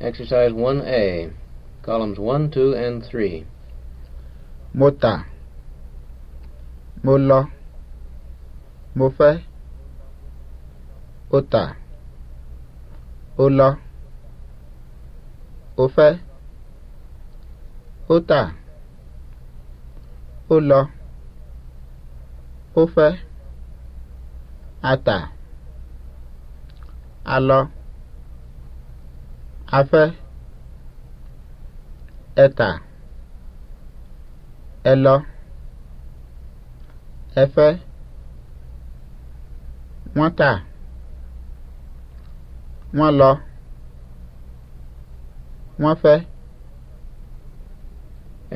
Exercise 1A, columns 1, 2, and 3. Muta, tà. mofe, Ota. Ola. ofe, Ota. Ola. ofe, ata, Ó afẹ́ ẹ̀ta ẹlọ ẹfẹ́ wọ́n tà wọ́n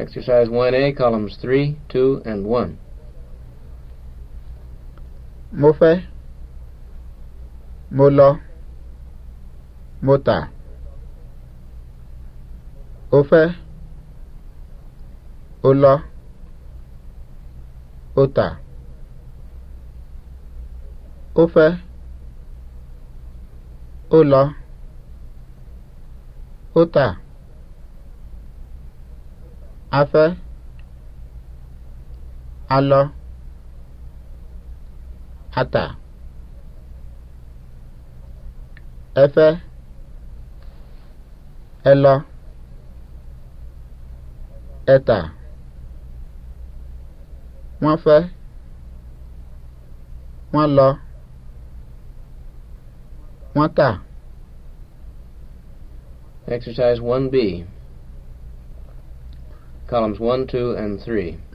Exercise 1A, columns 3, 2, and 1. Mo fẹ́. Mo lọ. Mo tà. ó fẹ́ ó lọ ó tà ó fẹ́ ó lọ ó tà a fẹ́ a lọ a tà ẹ fẹ́ ẹ lọ. ẹ̀ta wọ́n fẹ́ wọ́n lọ wọ́n tà. Exercise 1B, columns 1, 2, and 3.